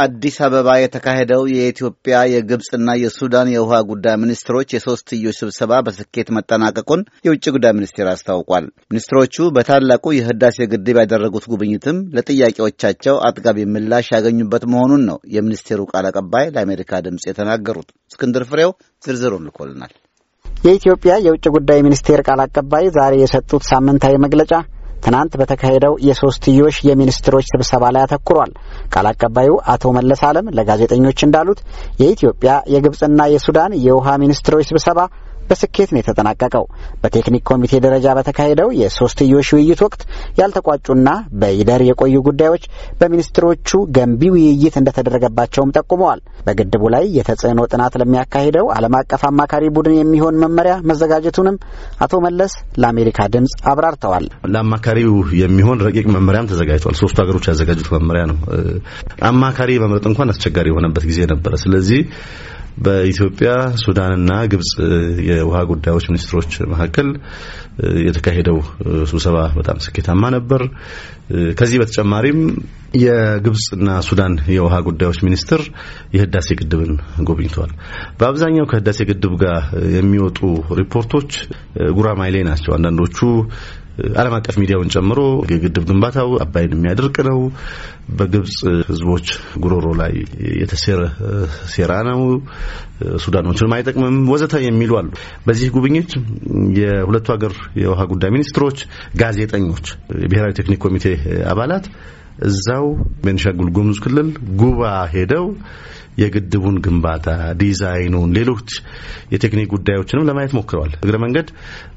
በአዲስ አበባ የተካሄደው የኢትዮጵያ የግብፅና የሱዳን የውሃ ጉዳይ ሚኒስትሮች የሦስትዮሽ ስብሰባ በስኬት መጠናቀቁን የውጭ ጉዳይ ሚኒስቴር አስታውቋል። ሚኒስትሮቹ በታላቁ የህዳሴ ግድብ ያደረጉት ጉብኝትም ለጥያቄዎቻቸው አጥጋቢ ምላሽ ያገኙበት መሆኑን ነው የሚኒስቴሩ ቃል አቀባይ ለአሜሪካ ድምፅ የተናገሩት። እስክንድር ፍሬው ዝርዝሩን ልኮልናል። የኢትዮጵያ የውጭ ጉዳይ ሚኒስቴር ቃል አቀባይ ዛሬ የሰጡት ሳምንታዊ መግለጫ ትናንት በተካሄደው የሶስትዮሽ የሚኒስትሮች ስብሰባ ላይ አተኩሯል። ቃል አቀባዩ አቶ መለስ አለም ለጋዜጠኞች እንዳሉት የኢትዮጵያ የግብፅና የሱዳን የውሃ ሚኒስትሮች ስብሰባ በስኬት ነው የተጠናቀቀው። በቴክኒክ ኮሚቴ ደረጃ በተካሄደው የሶስትዮሽ ውይይት ወቅት ያልተቋጩና በይደር የቆዩ ጉዳዮች በሚኒስትሮቹ ገንቢ ውይይት እንደተደረገባቸውም ጠቁመዋል። በግድቡ ላይ የተጽዕኖ ጥናት ለሚያካሂደው ዓለም አቀፍ አማካሪ ቡድን የሚሆን መመሪያ መዘጋጀቱንም አቶ መለስ ለአሜሪካ ድምፅ አብራርተዋል። ለአማካሪው የሚሆን ረቂቅ መመሪያም ተዘጋጅቷል። ሶስቱ ሀገሮች ያዘጋጁት መመሪያ ነው። አማካሪ መምረጥ እንኳን አስቸጋሪ የሆነበት ጊዜ ነበረ። ስለዚህ በኢትዮጵያ ሱዳንና ግብጽ የውሃ ጉዳዮች ሚኒስትሮች መካከል የተካሄደው ስብሰባ በጣም ስኬታማ ነበር። ከዚህ በተጨማሪም የግብጽና ሱዳን የውሃ ጉዳዮች ሚኒስትር የህዳሴ ግድብን ጎብኝተዋል። በአብዛኛው ከህዳሴ ግድብ ጋር የሚወጡ ሪፖርቶች ጉራማይሌ ናቸው። አንዳንዶቹ ዓለም አቀፍ ሚዲያውን ጨምሮ የግድብ ግንባታው አባይን የሚያደርቅ ነው፣ በግብጽ ህዝቦች ጉሮሮ ላይ የተሴረ ሴራ ነው፣ ሱዳኖችንም አይጠቅምም ወዘተ የሚሉ አሉ። በዚህ ጉብኝት የሁለቱ ሀገር የውሃ ጉዳይ ሚኒስትሮች፣ ጋዜጠኞች፣ የብሔራዊ ቴክኒክ ኮሚቴ አባላት እዛው ቤንሻንጉል ጉሙዝ ክልል ጉባ ሄደው የግድቡን ግንባታ ዲዛይኑን፣ ሌሎች የቴክኒክ ጉዳዮችንም ለማየት ሞክረዋል። እግረ መንገድ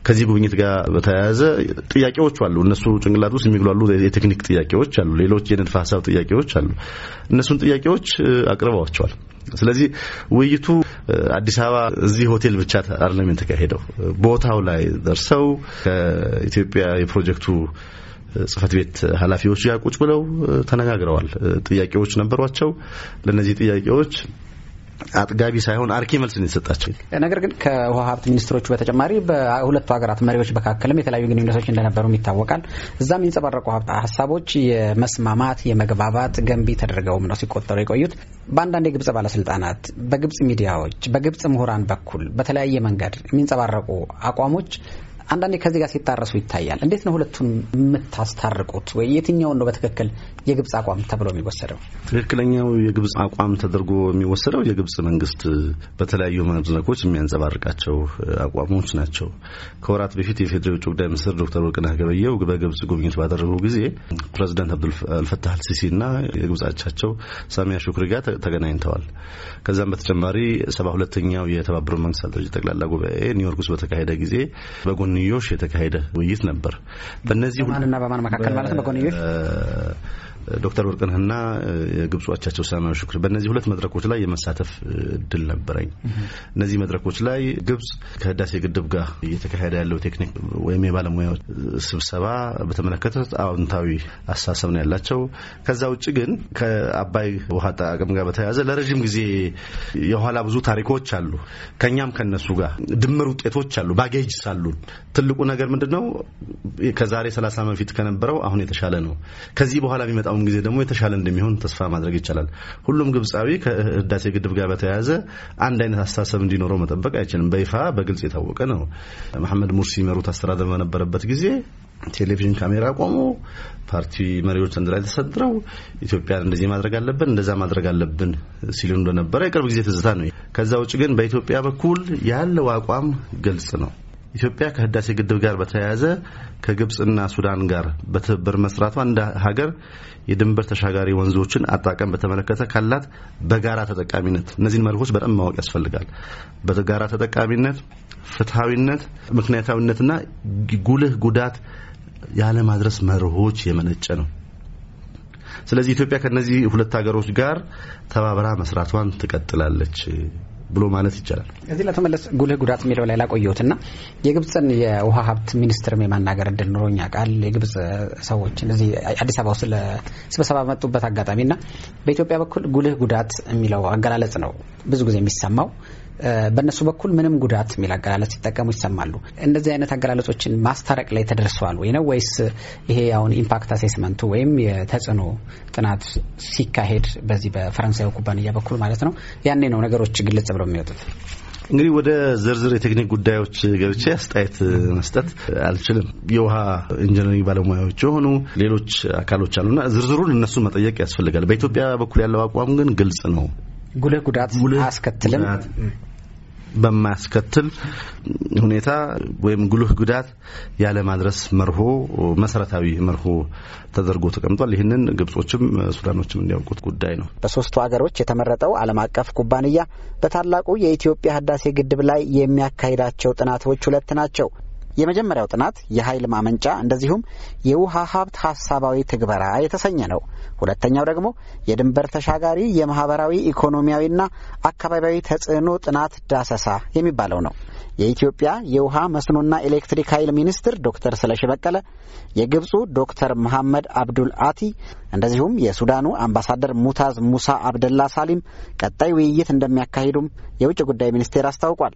ከዚህ ጉብኝት ጋር በተያያዘ ጥያቄዎች አሉ። እነሱ ጭንቅላት ውስጥ የሚግሏሉ የቴክኒክ ጥያቄዎች አሉ። ሌሎች የንድፈ ሀሳብ ጥያቄዎች አሉ። እነሱን ጥያቄዎች አቅርበዋቸዋል። ስለዚህ ውይይቱ አዲስ አበባ እዚህ ሆቴል ብቻ አይደለም የተካሄደው። ቦታው ላይ ደርሰው ከኢትዮጵያ የፕሮጀክቱ ጽህፈት ቤት ኃላፊዎች ጋር ቁጭ ብለው ተነጋግረዋል። ጥያቄዎች ነበሯቸው። ለእነዚህ ጥያቄዎች አጥጋቢ ሳይሆን አርኪ መልስ ነው የተሰጣቸው። ነገር ግን ከውሃ ሀብት ሚኒስትሮቹ በተጨማሪ በሁለቱ ሀገራት መሪዎች መካከልም የተለያዩ ግንኙነቶች እንደነበሩም ይታወቃል። እዛም የሚንጸባረቁ ሀሳቦች የመስማማት የመግባባት ገንቢ ተደርገውም ነው ሲቆጠሩ የቆዩት። በአንዳንድ የግብጽ ባለስልጣናት፣ በግብጽ ሚዲያዎች፣ በግብጽ ምሁራን በኩል በተለያየ መንገድ የሚንጸባረቁ አቋሞች አንዳንዴ ከዚህ ጋር ሲታረሱ ይታያል። እንዴት ነው ሁለቱን የምታስታርቁት? ወይ የትኛውን ነው በትክክል የግብፅ አቋም ተብሎ የሚወሰደው? ትክክለኛው የግብፅ አቋም ተደርጎ የሚወሰደው የግብፅ መንግስት በተለያዩ መድረኮች የሚያንጸባርቃቸው አቋሞች ናቸው። ከወራት በፊት የፌዴራል ውጭ ጉዳይ ሚኒስትር ዶክተር ወርቅነህ ገበየሁ በግብፅ ጉብኝት ባደረጉ ጊዜ ፕሬዚደንት አብዱልፈታህ አልሲሲ እና የግብጻቻቸው ሳሚያ ሹክሪ ጋር ተገናኝተዋል። ከዛም በተጨማሪ ሰባ ሁለተኛው የተባበሩት መንግስታት ድርጅት ጠቅላላ ጉባኤ ኒውዮርክ ውስጥ በተካሄደ ጊዜ በጎን በጎንዮሽ የተካሄደ ውይይት ነበር። በእነዚህ በማንና በማን መካከል ማለት ነው? በጎንዮሽ ዶክተር ወርቅነህና የግብፁ አቻቸው ሳማዊ ሹክሪ በእነዚህ ሁለት መድረኮች ላይ የመሳተፍ እድል ነበረኝ። እነዚህ መድረኮች ላይ ግብጽ ከህዳሴ ግድብ ጋር እየተካሄደ ያለው ቴክኒክ ወይም የባለሙያዎች ስብሰባ በተመለከተ አዎንታዊ አሳሰብ ነው ያላቸው። ከዛ ውጭ ግን ከአባይ ውሃ አጠቃቀም ጋር በተያያዘ ለረዥም ጊዜ የኋላ ብዙ ታሪኮች አሉ። ከእኛም ከነሱ ጋር ድምር ውጤቶች አሉ፣ ባጌጅ አሉ። ትልቁ ነገር ምንድን ነው? ከዛሬ ሰላሳ ዓመት በፊት ከነበረው አሁን የተሻለ ነው። ከዚህ በኋላ የሚመጣው በመጣውም ጊዜ ደግሞ የተሻለ እንደሚሆን ተስፋ ማድረግ ይቻላል። ሁሉም ግብፃዊ ከህዳሴ ግድብ ጋር በተያያዘ አንድ አይነት አስተሳሰብ እንዲኖረው መጠበቅ አይችልም። በይፋ በግልጽ የታወቀ ነው። መሐመድ ሙርሲ መሩት አስተዳደር በነበረበት ጊዜ ቴሌቪዥን ካሜራ ቆሞ ፓርቲ መሪዎች አንድ ላይ ተሰድረው ኢትዮጵያን እንደዚህ ማድረግ አለብን እንደዛ ማድረግ አለብን ሲሉ እንደነበረ የቅርብ ጊዜ ትዝታ ነው። ከዛ ውጭ ግን በኢትዮጵያ በኩል ያለው አቋም ግልጽ ነው። ኢትዮጵያ ከህዳሴ ግድብ ጋር በተያያዘ ከግብፅና ሱዳን ጋር በትብብር መስራቷ እንደ ሀገር የድንበር ተሻጋሪ ወንዞችን አጠቃቀም በተመለከተ ካላት በጋራ ተጠቃሚነት እነዚህን መርሆች በጣም ማወቅ ያስፈልጋል። በጋራ ተጠቃሚነት፣ ፍትሐዊነት፣ ምክንያታዊነትና ጉልህ ጉዳት ያለማድረስ መርሆች የመነጨ ነው። ስለዚህ ኢትዮጵያ ከነዚህ ሁለት ሀገሮች ጋር ተባብራ መስራቷን ትቀጥላለች። ብሎ ማለት ይቻላል። እዚህ ለተመለስ ጉልህ ጉዳት የሚለው ላይ ላቆየሁትና የግብፅን የውሃ ሀብት ሚኒስትር የማናገር እድል ኖሮኛ ቃል የግብፅ ሰዎችን እዚህ አዲስ አበባ ውስጥ ለስብሰባ በመጡበት አጋጣሚና በኢትዮጵያ በኩል ጉልህ ጉዳት የሚለው አገላለጽ ነው ብዙ ጊዜ የሚሰማው በእነሱ በኩል ምንም ጉዳት የሚል አገላለጽ ሲጠቀሙ ይሰማሉ። እንደዚህ አይነት አገላለጾችን ማስታረቅ ላይ ተደርሰዋል ወይ ነው ወይስ ይሄ አሁን ኢምፓክት አሴስመንቱ ወይም የተጽዕኖ ጥናት ሲካሄድ በዚህ በፈረንሳዊ ኩባንያ በኩል ማለት ነው ያኔ ነው ነገሮች ግልጽ ብለው የሚወጡት? እንግዲህ ወደ ዝርዝር የቴክኒክ ጉዳዮች ገብቼ አስተያየት መስጠት አልችልም። የውሃ ኢንጂነሪንግ ባለሙያዎች የሆኑ ሌሎች አካሎች አሉና ዝርዝሩን እነሱን መጠየቅ ያስፈልጋል። በኢትዮጵያ በኩል ያለው አቋም ግን ግልጽ ነው። ጉልህ ጉዳት አያስከትልም በማያስከትል ሁኔታ ወይም ጉልህ ጉዳት ያለ ማድረስ መርሆ መሰረታዊ መርሆ ተደርጎ ተቀምጧል። ይህንን ግብጾችም ሱዳኖችም እንዲያውቁት ጉዳይ ነው። በሶስቱ ሀገሮች የተመረጠው ዓለም አቀፍ ኩባንያ በታላቁ የኢትዮጵያ ህዳሴ ግድብ ላይ የሚያካሂዳቸው ጥናቶች ሁለት ናቸው። የመጀመሪያው ጥናት የኃይል ማመንጫ እንደዚሁም የውሃ ሀብት ሀሳባዊ ትግበራ የተሰኘ ነው። ሁለተኛው ደግሞ የድንበር ተሻጋሪ የማህበራዊ ኢኮኖሚያዊና አካባቢያዊ ተጽዕኖ ጥናት ዳሰሳ የሚባለው ነው። የኢትዮጵያ የውሃ መስኖና ኤሌክትሪክ ኃይል ሚኒስትር ዶክተር ስለሺ በቀለ፣ የግብፁ ዶክተር መሐመድ አብዱል አቲ እንደዚሁም የሱዳኑ አምባሳደር ሙታዝ ሙሳ አብደላ ሳሊም ቀጣይ ውይይት እንደሚያካሂዱም የውጭ ጉዳይ ሚኒስቴር አስታውቋል።